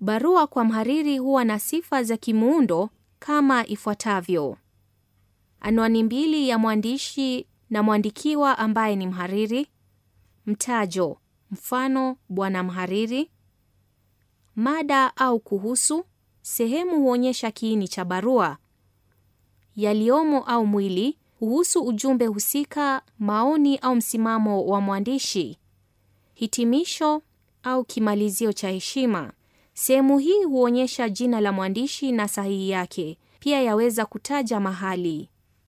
Barua kwa mhariri huwa na sifa za kimuundo kama ifuatavyo: anwani mbili ya mwandishi na mwandikiwa ambaye ni mhariri, mtajo mfano bwana mhariri, mada au kuhusu sehemu huonyesha kiini cha barua, yaliyomo au mwili huhusu ujumbe husika, maoni au msimamo wa mwandishi, hitimisho au kimalizio cha heshima. Sehemu hii huonyesha jina la mwandishi na sahihi yake. Pia yaweza kutaja mahali.